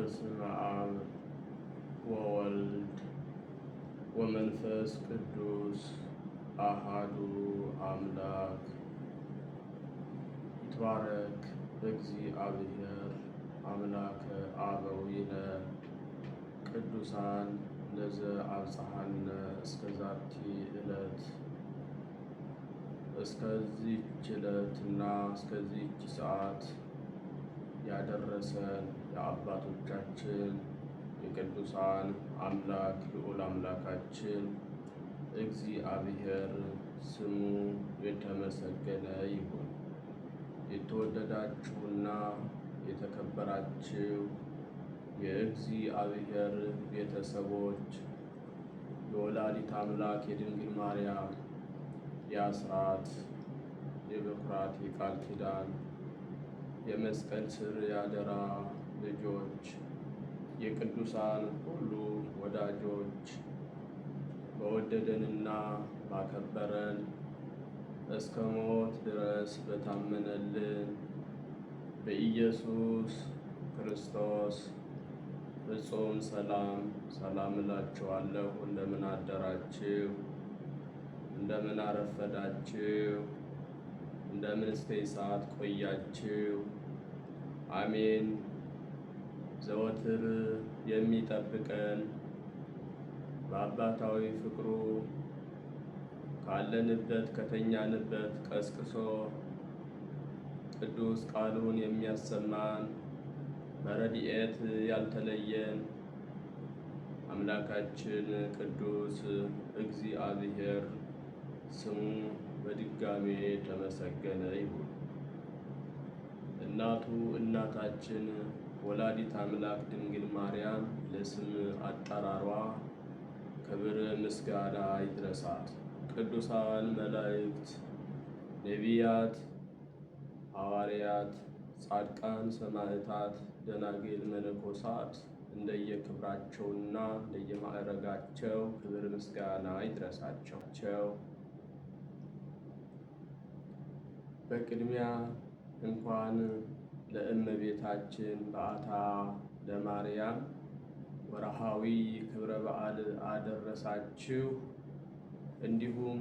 በስም አብ ወወልድ ወመንፈስ ቅዱስ አሃዱ አምላክ ይትባረክ እግዚአብሔር አምላከ አበዊነ ቅዱሳን ለዘ አብጽሐነ እስከ ዛቲ ዕለት እስከዚች ዕለትና እስከዚች ሰዓት ያደረሰን የአባቶቻችን የቅዱሳን አምላክ ልዑል አምላካችን እግዚአብሔር ስሙ የተመሰገነ ይሁን። የተወደዳችሁና የተከበራችሁ የእግዚአብሔር ቤተሰቦች የወላዲት አምላክ የድንግል ማርያም የአስራት የበኩራት የቃል ኪዳን የመስቀል ስር ያደራ ልጆች የቅዱሳን ሁሉ ወዳጆች በወደደንና ባከበረን እስከ ሞት ድረስ በታመነልን በኢየሱስ ክርስቶስ ፍጹም ሰላም ሰላም እላችኋለሁ። እንደምን አደራችሁ? እንደምን አረፈዳችሁ? እንደምን እስከ ሰዓት ቆያችሁ? አሜን። ዘወትር የሚጠብቀን በአባታዊ ፍቅሩ ካለንበት ከተኛንበት ቀስቅሶ ቅዱስ ቃሉን የሚያሰማን በረድኤት ያልተለየን አምላካችን ቅዱስ እግዚአብሔር ስሙ በድጋሜ ተመሰገነ ይሁን። እናቱ እናታችን ወላዲት አምላክ ድንግል ማርያም ለስም አጠራሯ ክብር ምስጋና ይድረሳት። ቅዱሳን መላእክት፣ ነቢያት፣ ሐዋርያት፣ ጻድቃን፣ ሰማዕታት፣ ደናግል፣ መነኮሳት እንደየክብራቸውና እንደየማዕረጋቸው ክብር ምስጋና ይድረሳቸው። በቅድሚያ እንኳን ለእመቤታችን በዓታ ለማርያም ወርሃዊ ክብረ በዓል አደረሳችሁ። እንዲሁም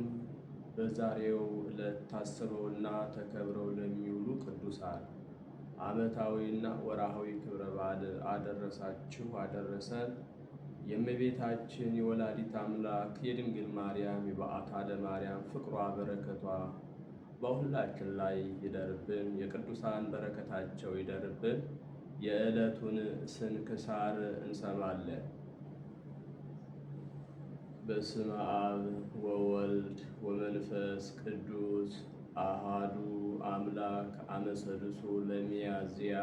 በዛሬው ዕለት ታስበውና ተከብረው ለሚውሉ ቅዱሳን ዓመታዊና ወርሃዊ ክብረ በዓል አደረሳችሁ አደረሰን። የእመቤታችን የወላዲት አምላክ የድንግል ማርያም የበዓታ ለማርያም ፍቅሯ በረከቷ በሁላችን ላይ ይደርብን። የቅዱሳን በረከታቸው ይደርብን። የዕለቱን ስንክሳር እንሰማለን። በስመ አብ ወወልድ ወመንፈስ ቅዱስ አሃዱ አምላክ አመሰልሱ ለሚያዝያ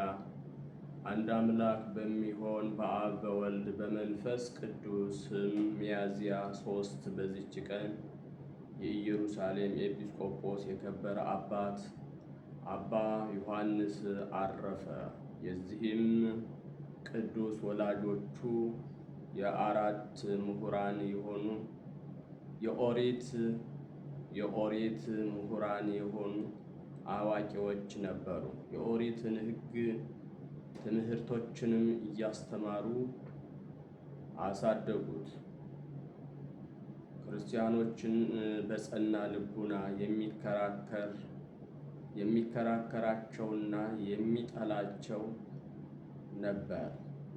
አንድ አምላክ በሚሆን በአብ በወልድ በመንፈስ ቅዱስም ሚያዝያ ሶስት በዚች ቀን የኢየሩሳሌም ኤጲስቆጶስ የከበረ አባት አባ ዮሐንስ አረፈ። የዚህም ቅዱስ ወላጆቹ የአራት ምሁራን የሆኑ የኦሪት የኦሪት ምሁራን የሆኑ አዋቂዎች ነበሩ። የኦሪትን ሕግ ትምህርቶችንም እያስተማሩ አሳደጉት። ክርስቲያኖችን በጸና ልቡና የሚከራከር የሚከራከራቸውና የሚጠላቸው ነበር።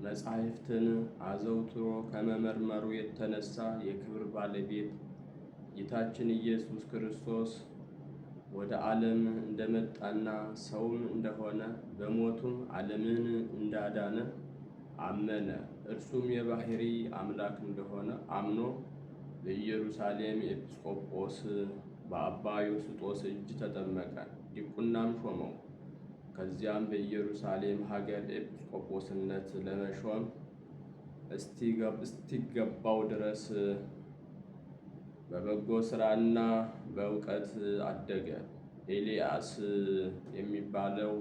መጻሕፍትን አዘውትሮ ከመመርመሩ የተነሳ የክብር ባለቤት ጌታችን ኢየሱስ ክርስቶስ ወደ ዓለም እንደመጣና ሰውም እንደሆነ በሞቱም ዓለምን እንዳዳነ አመነ። እርሱም የባህሪ አምላክ እንደሆነ አምኖ በኢየሩሳሌም ኤጲስቆጶስ በአባ ዮስጦስ እጅ ተጠመቀ፣ ዲቁናም ሾመው። ከዚያም በኢየሩሳሌም ሀገር ኤጲስቆጶስነት ለመሾም እስቲገባው ድረስ በበጎ ሥራና በእውቀት አደገ። ኤልያስ የሚባለው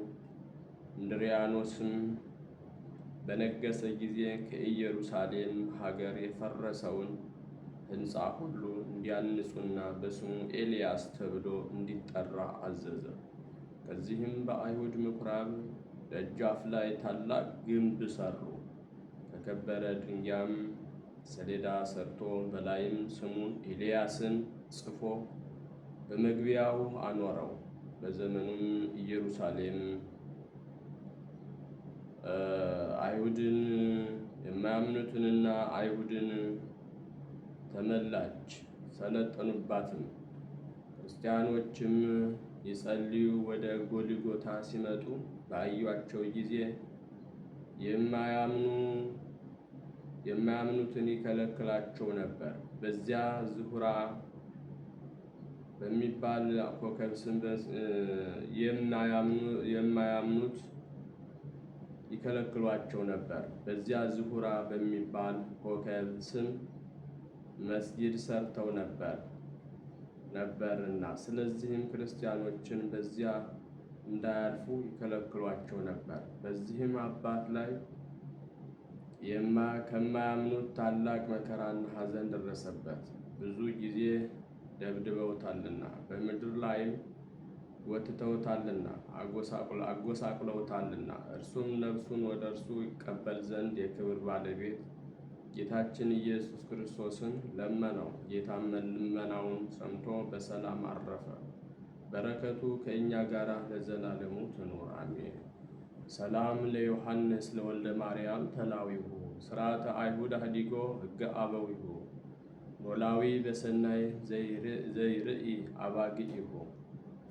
እንድሪያኖስም በነገሰ ጊዜ ከኢየሩሳሌም ሀገር የፈረሰውን ሕንፃ ሁሉ እንዲያንጹና በስሙ ኤልያስ ተብሎ እንዲጠራ አዘዘ። ከዚህም በአይሁድ ምኩራብ ደጃፍ ላይ ታላቅ ግንብ ሰሩ። ከከበረ ድንጋይም ሰሌዳ ሰርቶ በላይም ስሙን ኤልያስን ጽፎ በመግቢያው አኖረው። በዘመኑም ኢየሩሳሌም አይሁድን የማያምኑትንና አይሁድን ተመላች፣ ሰለጠኑባትም። ክርስቲያኖችም ይጸልዩ ወደ ጎልጎታ ሲመጡ ባዩአቸው ጊዜ የማያምኑ የማያምኑትን ይከለክላቸው ነበር። በዚያ ዝሁራ በሚባል ኮከብ ስም የማያምኑት ይከለክሏቸው ነበር። በዚያ ዝሁራ በሚባል ኮከብ ስም መስጊድ ሰርተው ነበር ነበርና ስለዚህም ክርስቲያኖችን በዚያ እንዳያልፉ ይከለክሏቸው ነበር። በዚህም አባት ላይ ከማያምኑት ታላቅ መከራና ሐዘን ደረሰበት። ብዙ ጊዜ ደብድበውታልና በምድር ላይም ወትተውታልና አጎሳቁለውታልና እርሱም ነፍሱን ወደ እርሱ ይቀበል ዘንድ የክብር ባለቤት ጌታችን ኢየሱስ ክርስቶስን ለመነው። ጌታም ልመናውን ሰምቶ በሰላም አረፈ። በረከቱ ከእኛ ጋር ለዘላለሙ ትኑር አሜን። ሰላም ለዮሐንስ ለወልደ ማርያም ተላዊሁ ስርዓተ አይሁድ አህዲጎ ሕገ አበዊሁ ኖላዊ በሰናይ ዘይርኢ አባግኢሁ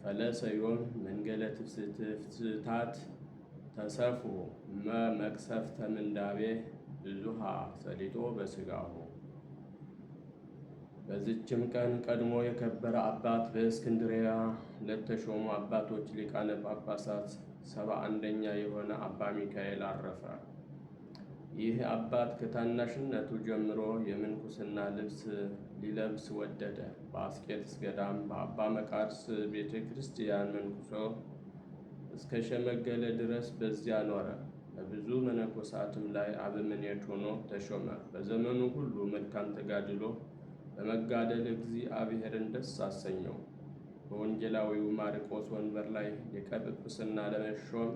ፈለሰዮን መንገለ ትፍስታት ተሰፉ መቅሰፍተ ምንዳቤ ብዙሃ ሰሊጦ በስጋሁ በዚችም ቀን ቀድሞ የከበረ አባት በእስክንድሪያ ለተሾሙ አባቶች ሊቃነ ጳጳሳት ሰባ አንደኛ የሆነ አባ ሚካኤል አረፈ። ይህ አባት ከታናሽነቱ ጀምሮ የምንኩስና ልብስ ሊለብስ ወደደ። በአስቄጥስ ገዳም በአባ መቃርስ ቤተ ክርስቲያን መንኩሶ እስከ ሸመገለ ድረስ በዚያ ኖረ። በብዙ መነኮሳትም ላይ አበምኔት ሆኖ ተሾመ። በዘመኑ ሁሉ መልካም ተጋድሎ በመጋደል እግዚአብሔርን ደስ አሰኘው። በወንጌላዊው ማርቆስ ወንበር ላይ የቀጵጵስና ለመሾም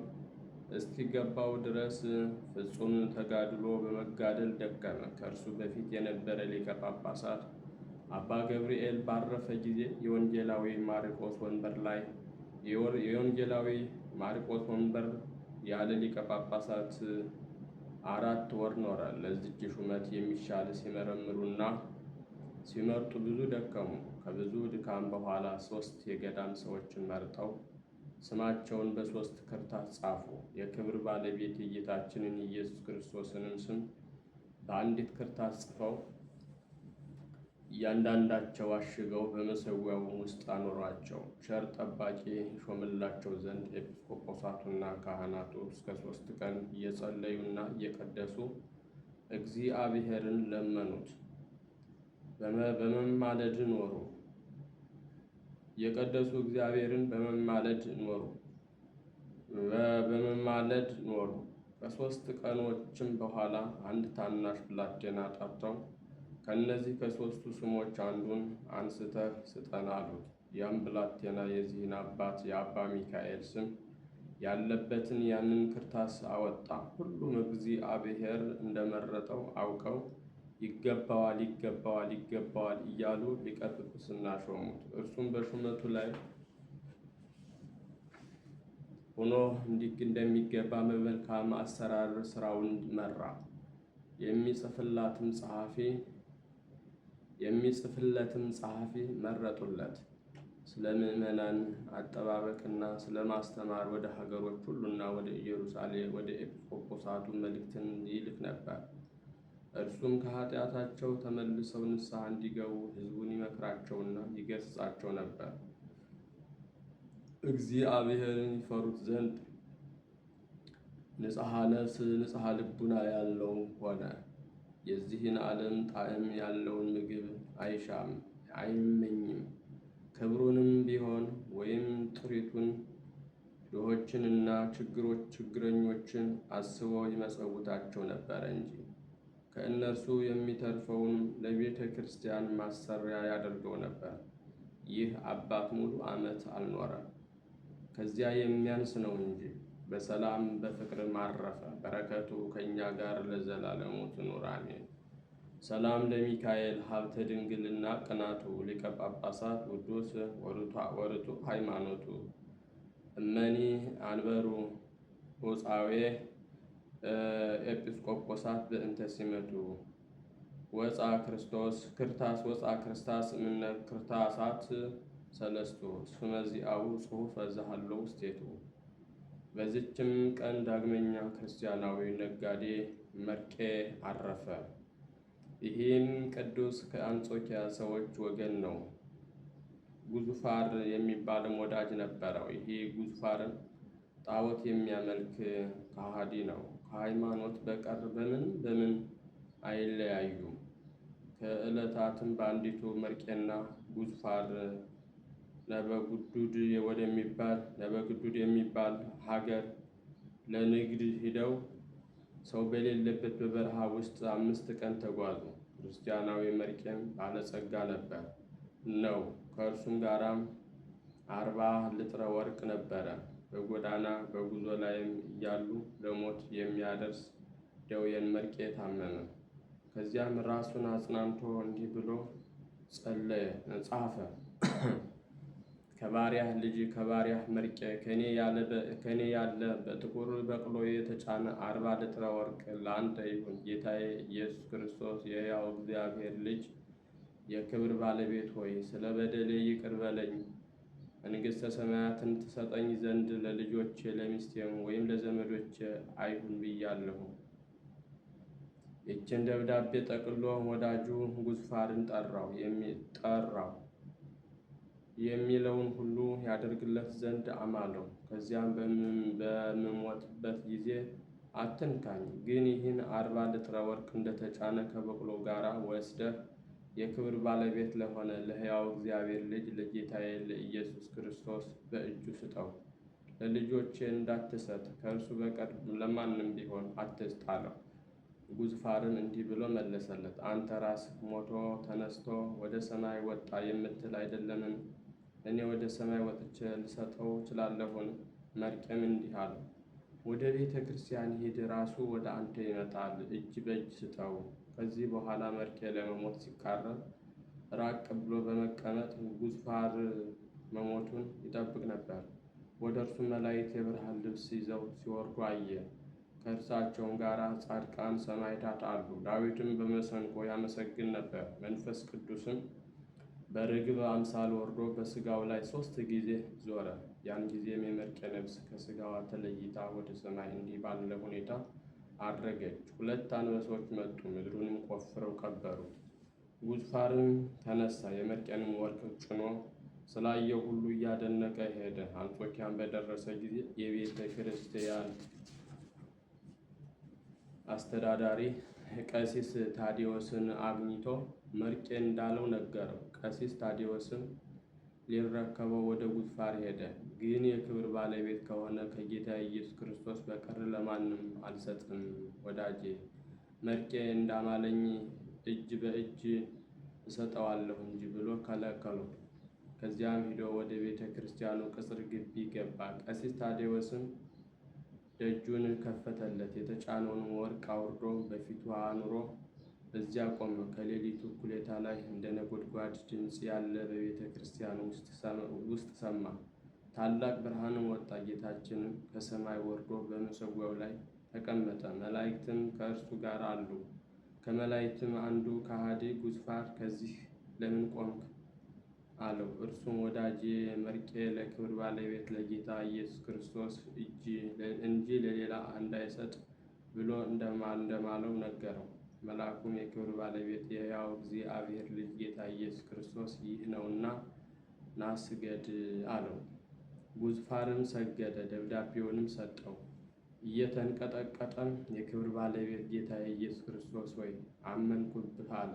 እስኪገባው ድረስ ፍጹም ተጋድሎ በመጋደል ደከመ። ከእርሱ በፊት የነበረ ሊቀ ጳጳሳት አባ ገብርኤል ባረፈ ጊዜ የወንጌላዊ ማርቆስ ወንበር ላይ የወንጌላዊ ማርቆስ ወንበር ያለ ሊቀ ጳጳሳት አራት ወር ኖራል። ለዚች ሹመት የሚሻል ሲመረምሩና ሲመርጡ ብዙ ደከሙ። ከብዙ ድካም በኋላ ሶስት የገዳም ሰዎችን መርጠው ስማቸውን በሶስት ክርታስ ጻፉ። የክብር ባለቤት የጌታችንን ኢየሱስ ክርስቶስንም ስም በአንዲት ክርታስ ጽፈው እያንዳንዳቸው አሽገው በመሠዊያውም ውስጥ አኖሯቸው። ቸር ጠባቂ ሾምላቸው ዘንድ ኤጲስቆጶሳቱና ካህናቱ እስከ ሶስት ቀን እየጸለዩና እየቀደሱ እግዚአብሔርን ለመኑት። በመማለድ ኖሩ የቀደሱ እግዚአብሔርን በመማለድ ኖሩ በመማለድ ኖሩ። ከሦስት ቀኖችም በኋላ አንድ ታናሽ ብላቴና ጠርተው ከእነዚህ ከሦስቱ ስሞች አንዱን አንስተህ ስጠን አሉት። ያም ብላቴና የዚህን አባት የአባ ሚካኤል ስም ያለበትን ያንን ክርታስ አወጣ። ሁሉም እግዚአብሔር እንደመረጠው አውቀው ይገባዋል፣ ይገባዋል፣ ይገባዋል እያሉ ሊቀ ጵጵስና ሾሙት። እርሱም በሹመቱ ላይ ሆኖ እንዲህ እንደሚገባ በመልካም አሰራር ስራውን መራ። የሚጽፍላትም ጸሐፊ የሚጽፍለትም ጸሐፊ መረጡለት። ስለ ምዕመናን አጠባበቅና ስለ ማስተማር ወደ ሀገሮች ሁሉና ወደ ኢየሩሳሌም ወደ ኤጲስቆጶሳቱ መልእክትን ይልክ ነበር። እርሱም ከኃጢአታቸው ተመልሰው ንስሐ እንዲገቡ ሕዝቡን ይመክራቸውና ይገሥጻቸው ነበር። እግዚአብሔርን ይፈሩት ዘንድ ንጽሐ ነፍስ ንጽሐ ልቡና ያለው ሆነ። የዚህን ዓለም ጣዕም ያለውን ምግብ አይሻም አይመኝም። ክብሩንም ቢሆን ወይም ጥሪቱን ድሆችንና ችግሮች ችግረኞችን አስቦ ይመጸውታቸው ነበረ እንጂ ከእነርሱ የሚተርፈውን ለቤተ ክርስቲያን ማሰሪያ ያደርገው ነበር። ይህ አባት ሙሉ ዓመት አልኖረም፣ ከዚያ የሚያንስ ነው እንጂ በሰላም በፍቅር ማረፈ። በረከቱ ከእኛ ጋር ለዘላለሙ ትኑር አሜን። ሰላም ለሚካኤል ሀብተ ድንግልና ቅናቱ ሊቀ ጳጳሳት ውዱስ ወርቱ ሃይማኖቱ እመኒ አንበሩ ወፃዌ ኤጲስቆጶሳት በእንተ ሲመቱ ወፃ ክርስቶስ ክርታስ ወፃ ክርስታስ እምነ ክርታሳት ሰለስቱ ስመዚአው ጽሑፈ ዘሃለው ውስቴቱ በዚችም ቀን ዳግመኛ ክርስቲያናዊ ነጋዴ መርቄ አረፈ። ይህም ቅዱስ ከአንጾኪያ ሰዎች ወገን ነው። ጉዙፋር የሚባልም ወዳጅ ነበረው። ይሄ ጉዙፋር ጣዖት የሚያመልክ ከሃዲ ነው። ከሃይማኖት በቀር በምን በምን አይለያዩም። ከዕለታትም በአንዲቱ መርቄና ጉዙፋር ነበጉዱድ ወደሚባል ነበጉዱድ የሚባል ሀገር ለንግድ ሂደው ሰው በሌለበት በበረሃ ውስጥ አምስት ቀን ተጓዙ። ክርስቲያናዊ መርቄም ባለጸጋ ነበር ነው። ከእርሱም ጋራም አርባ ልጥረ ወርቅ ነበረ። በጎዳና በጉዞ ላይም እያሉ ለሞት የሚያደርስ ደዌን መርቄ ታመመ። ከዚያም ራሱን አጽናንቶ እንዲህ ብሎ ጸለየ፣ ጻፈ ከባሪያህ ልጅ ከባሪያህ መርቄ ከእኔ ያለ በጥቁር በቅሎ የተጫነ አርባ ልጥረ ወርቅ ለአንተ ይሁን። ጌታዬ ኢየሱስ ክርስቶስ የሕያው እግዚአብሔር ልጅ የክብር ባለቤት ሆይ ስለ በደሌ ይቅር በለኝ። መንግሥተ ሰማያትን ትሰጠኝ ዘንድ ለልጆቼ ለሚስቴም ወይም ለዘመዶቼ አይሁን ብያለሁ። ይችን ደብዳቤ ጠቅሎ ወዳጁ ጉዝፋርን ጠራው የሚጠራው የሚለውን ሁሉ ያደርግለት ዘንድ አማለው ከዚያም በምሞትበት ጊዜ አትንካኝ፣ ግን ይህን አርባ ልጥረ ወርቅ እንደተጫነ ከበቅሎ ጋር ወስደህ የክብር ባለቤት ለሆነ ለሕያው እግዚአብሔር ልጅ ለጌታዬ ለኢየሱስ ክርስቶስ በእጁ ስጠው። ለልጆቼ እንዳትሰጥ ከእርሱ በቀር ለማንም ቢሆን አትስጣለሁ። ጉዝፋርን እንዲህ ብሎ መለሰለት፣ አንተ ራስህ ሞቶ ተነስቶ ወደ ሰማይ ወጣ የምትል አይደለምን? እኔ ወደ ሰማይ ወጥቼ ልሰጠው ችላለሁን መርቄም እንዲህ አለው፣ ወደ ቤተ ክርስቲያን ሂድ፣ ራሱ ወደ አንተ ይመጣል፣ እጅ በእጅ ስጠው። ከዚህ በኋላ መርቄ ለመሞት ሲቃረብ ራቅ ብሎ በመቀመጥ ጉዝፋር መሞቱን ይጠብቅ ነበር። ወደ እርሱ መላእክት የብርሃን ልብስ ይዘው ሲወርዱ አየ። ከእርሳቸውም ጋር ጻድቃን ሰማዕታት አሉ። ዳዊትም በመሰንቆ ያመሰግን ነበር። መንፈስ ቅዱስም በርግብ አምሳል ወርዶ በስጋው ላይ ሦስት ጊዜ ዞረ። ያን ጊዜም የመርቄ ነፍስ ከስጋዋ ተለይታ ወደ ሰማይ እንዲህ ባለ ሁኔታ አድረገች። ሁለት አንበሶች መጡ፣ ምድሩንም ቆፍረው ቀበሩ። ጉድፋርም ተነሳ፣ የመርቄንም ወርቅ ጭኖ ስላየው ሁሉ እያደነቀ ሄደ። አንጾኪያን በደረሰ ጊዜ የቤተ ክርስቲያን አስተዳዳሪ ቀሲስ ታዲዮስን አግኝቶ መርቄ እንዳለው ነገረው። ቀሲስ ታዲዎስም ሊረከበው ወደ ጉድፋር ሄደ። ግን የክብር ባለቤት ከሆነ ከጌታ ኢየሱስ ክርስቶስ በቀር ለማንም አልሰጥም። ወዳጄ መርቄ እንዳማለኝ እጅ በእጅ እሰጠዋለሁ እንጂ ብሎ ከለከሉ። ከዚያም ሂዶ ወደ ቤተ ክርስቲያኑ ቅጽር ግቢ ገባ። ቀሲስ ታዲዎስም ደጁን ከፈተለት። የተጫነውን ወርቅ አውርዶ በፊቱ አኑሮ በዚያ ቆመ። ከሌሊቱ እኩሌታ ላይ እንደ ነጎድጓድ ድምፅ ያለ በቤተ ክርስቲያን ውስጥ ሰማ። ታላቅ ብርሃንም ወጣ። ጌታችንም ከሰማይ ወርዶ በመሰዊያው ላይ ተቀመጠ። መላእክትም ከእርሱ ጋር አሉ። ከመላእክትም አንዱ ከሃዲ ጉዝፋር ከዚህ ለምን ቆምክ አለው። እርሱም ወዳጄ መርቄ ለክብር ባለቤት ለጌታ ኢየሱስ ክርስቶስ እንጂ ለሌላ እንዳይሰጥ ብሎ እንደማለው ነገረው። መልአኩም የክብር ባለቤት የሕያው እግዚአብሔር ልጅ ጌታ ኢየሱስ ክርስቶስ ይህ ነውና ና ስገድ አለው። ጉዝፋንም ሰገደ፣ ደብዳቤውንም ሰጠው። እየተንቀጠቀጠም የክብር ባለቤት ጌታ ኢየሱስ ክርስቶስ ወይ አመንኩብህ አለ።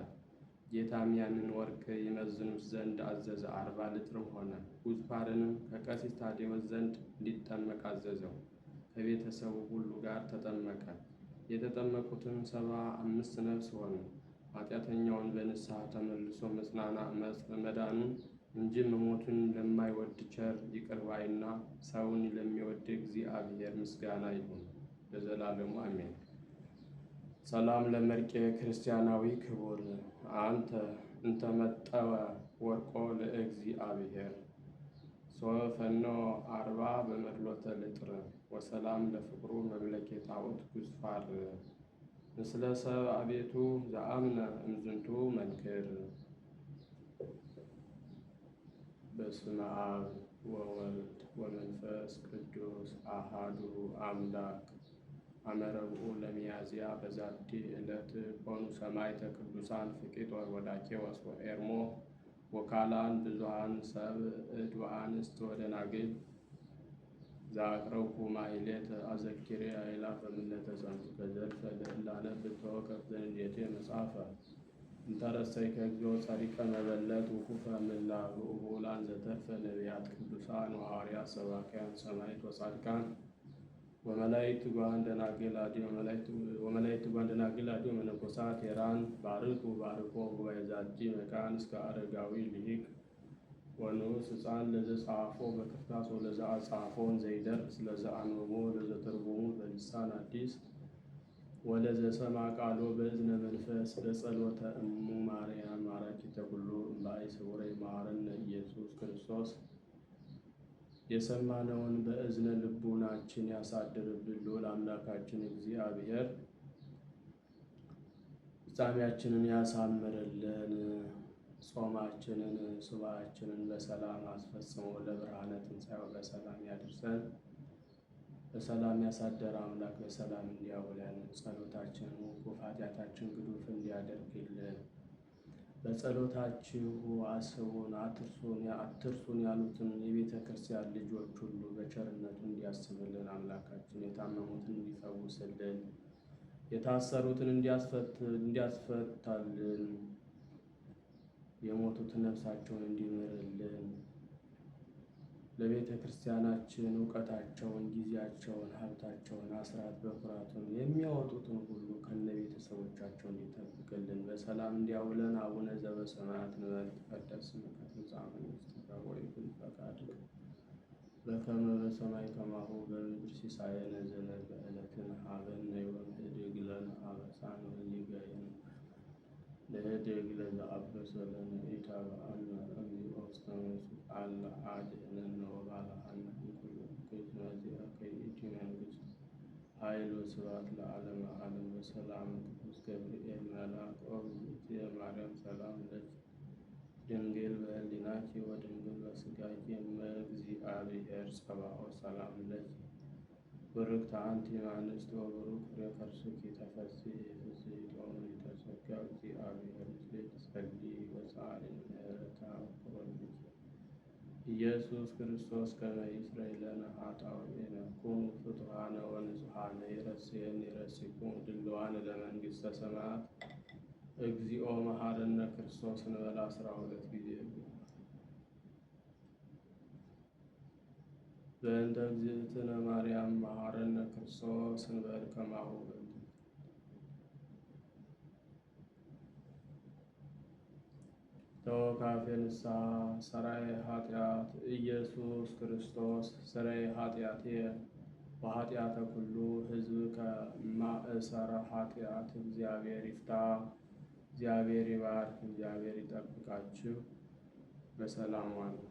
ጌታም ያንን ወርቅ ይመዝኑት ዘንድ አዘዘ፣ አርባ ልትርም ሆነ። ጉዝፋርንም ከቀሲስ ታዴዎስ ዘንድ እንዲጠመቅ አዘዘው። ከቤተሰቡ ሁሉ ጋር ተጠመቀ። የተጠመቁትን ሰባ አምስት ነፍስ ሆነ። ኃጢአተኛውን በንስሐ ተመልሶ መዳኑን እንጂ መሞቱን ለማይወድ ቸር ይቅር ባይና ሰውን ለሚወድ እግዚአብሔር ምስጋና ይሁን ለዘላለሙ አሜን። ሰላም ለመርቄ ክርስቲያናዊ ክቡር አንተ እንተመጠወ ወርቆ ለእግዚአብሔር ሶፈኖ አርባ በመድሎተ ልጥረ ወሰላም ለፍቅሩ መብለኬ ጣዖት ጉዝፋር ምስለ ሰብ አቤቱ ዘአምነ እምዝንቱ መንክር። በስመ አብ ወወልድ ወመንፈስ ቅዱስ አሃዱ አምላክ አመረብኡ ለሚያዝያ በዛቲ ዕለት ኮኑ ሰማዕተ ቅዱሳን ፍቅጦር ወዳኬዎስ ወኤርሞ ወካላን ብዙሃን ሰብ እድ ወአንስት ወደናግል ዘአቅረብኩ ማይሌት አዘኪሬ አይላፈ ምለተ ጸንቱ ዘልፈ ለእላነ ብተወከፍ ዘንዴቴ መጽሐፈ እንተረሰይ ከእግዚኦ ጸሪቀ መበለት ውኩፈ ምላ ብኡቡላን ዘተርፈ ነቢያት ቅዱሳን ወሐዋርያት ሰባክያን ሰማይት ወጻድቃን ወመላእክት ጓን ደናግል አዲ መነኮሳት ሄራን ባርኩ ባርኮ ጉባኤ ዛቲ መካን እስከ አረጋዊ ልሂቅ ወንዑስ ሕፃን ለዘጸሐፎ በክርታስ ወለዘ ዘይደርስ ለዘአንብቦ ለዘተርጎሙ በልሳን አዲስ ወለዘ ሰማ ቃሎ በእዝነ መንፈስ በጸሎተ እሙ ማርያም ማረኪተ ኩሉ እምባይ ስውረይ መሐረነ ኢየሱስ ክርስቶስ የሰማነውን በእዝነ ልቡናችን ያሳድርብን። ልዑል አምላካችን እግዚአብሔር ፍጻሜያችንን ያሳምርልን። ጾማችንን ሱባችንን በሰላም አስፈጽሞ ለብርሃነ ትንሣኤው በሰላም ያድርሰን። በሰላም ያሳደረ አምላክ በሰላም እንዲያውለን፣ ጸሎታችን ውቁፍ ኃጢአታችን ግዱፍ እንዲያደርግልን፣ በጸሎታችሁ አስቡን አትርሱን ያሉትን የቤተ ክርስቲያን ልጆች ሁሉ በቸርነቱ እንዲያስብልን፣ አምላካችን የታመሙትን እንዲፈውስልን፣ የታሰሩትን እንዲያስፈታልን የሞቱት ነፍሳቸውን እንዲምርልን ለቤተ ክርስቲያናችን እውቀታቸውን፣ ጊዜያቸውን፣ ሀብታቸውን፣ አስራት በኩራቱን የሚያወጡትን ሁሉ ከነ ቤተሰቦቻቸው እንዲጠብቅልን በሰላም እንዲያውለን። አቡነ ዘበሰማያት ይትቀደስ ስምከ ትምጻእ መንግሥትከ ወይኩን ፈቃድከ በከመ በሰማይ ከማሁ በምድር ሲሳየነ ዘለለ ዕለትነ ሀበነ ዮም ኅድግ ለነ አበሳነ ለደግ አበሰ ለነኢታ በአነ ከመ ይወስከመሱ አለ አድኅነነ ወባልሐነ እምኩሉ እኩይ በዚአ ከይእቲ መንግሥት ኃይል ለዓለመ ዓለም በሰላም ቅዱስ ገብርኤል መልአክ ኦርት የማርያም ሰላም ለኪ ድንግል በሕሊናኪ ወድንግል በሥጋኪ እምእግዚአብሔር ጸባኦት ሰላም ለኪ ብርክት አንቲ እምአንስት ወቡሩክ ፍሬ ከርሥኪ ተፈሥሒ ፍሥሕት ጸጋ እግዚአብሔር ልጅ ጸልይ ወሳሪ ምህረታ ወወልድ ኢየሱስ ክርስቶስ ከመ ይስረይ ለነ ኃጣውኢነ ኩኑ ፍጡሃነ ወንጹሃነ ይረሴን ይረሲኩሙ ድልዋነ ለመንግሥተ ሰማያት እግዚኦ መሐረነ ክርስቶስ ንበል አስራ ሁለት ጊዜ በእንተ እግዝእትነ ማርያም መሐረነ ክርስቶስ ንበል ከማሁ ተወካፌ ንስሐ ሰራይ ኃጢአት ኢየሱስ ክርስቶስ ሰራይ ኃጢአቴ በኃጢአተ ኩሉ ህዝብ ከማእሰረ ኃጢአት እግዚአብሔር ይፍታ። እግዚአብሔር ይባርክ፣ እግዚአብሔር ይጠብቃችሁ። በሰላም ዋሉ።